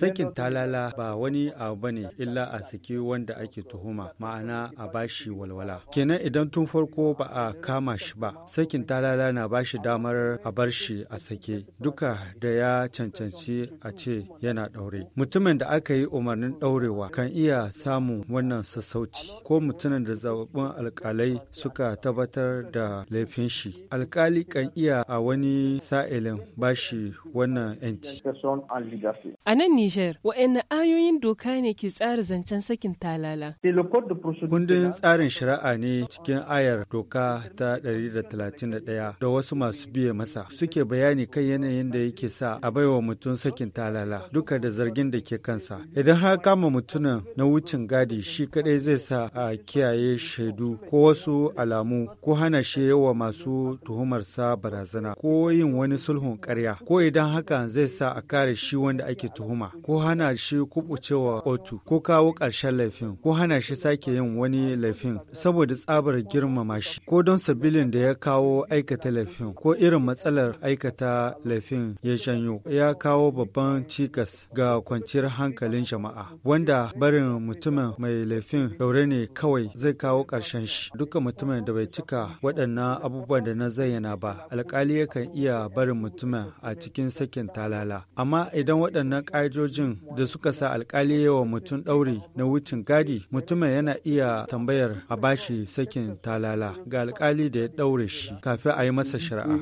Sakin talala ba wani abu ba ne illa a saki wanda ake tuhuma ma'ana a bashi walwala. Kenan idan tun farko ba a kama shi ba, sakin talala na bashi damar a bar shi a sake duka da ya cancanci a ce yana ɗaure. Mutumin da aka yi umarnin ɗaurewa kan iya samun wannan sassauci ko mutumin da zaɓaɓɓun alkalai suka tabbatar da laifin shi. Alkali kan iya a wani sa'ilin bashi wannan 'yanci. A nan Nijar, waɗanne ayoyin doka ne ke tsara zancen sakin talala? Kundin tsarin shari'a ne cikin ayar doka ta 131 da da ɗaya wasu masu biye masa suke bayani kan yanayin da yake sa a baiwa mutum sakin talala duka da zargin da ke kansa. Idan har kama mutumin na wucin gadi shi kadai zai sa a kiyaye shaidu ko wasu alamu ko hana shi yawa masu tuhumarsa barazana ko yin wani sulhun karya ko idan hakan zai sa a kare shi wanda ake tuhuma ko hana shi kubucewa otu ko kawo ƙarshen laifin ko hana shi sake yin wani laifin saboda tsabar girmama shi ko don sabilin da ya kawo aikata laifin ko irin matsalar aikata laifin ya janyo ya kawo babban cikas ga kwanciyar hankalin jama'a wanda barin mutumin mai laifin daure ne kawai zai kawo ƙarshen shi duka mutumin da bai cika waɗannan abubuwan da na zayyana ba alƙali yakan iya barin mutumin a cikin sakin talala amma idan waɗannan ƙa'idojin da suka sa alkali yawa mutum ɗauri na wucin gadi mutumin yana iya tambayar a bashi sakin talala ga alkali da ya ɗaure shi kafin a yi masa shari'a.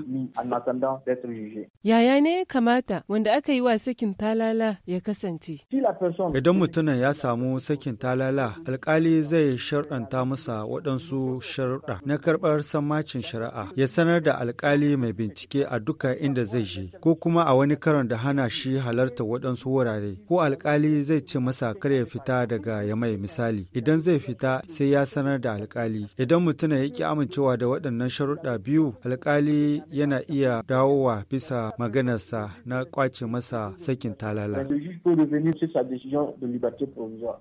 Yaya ne ya kamata wanda aka yi wa sakin talala ya kasance? Idan mutumin ya samu sakin talala alkali zai sharɗanta masa waɗansu sharuɗa na karɓar sammacin shari'a ya sanar da alkali mai bincike a duka inda zai je ko kuma a wani karon da hana shi halarta waɗansu wurare ko alkali zai ce masa kar ya fita daga yamai misali idan zai fita sai ya sanar da alkali idan mutum ya ki amincewa da waɗannan sharuɗa biyu alkali yana iya dawowa bisa maganarsa na kwace masa sakin talala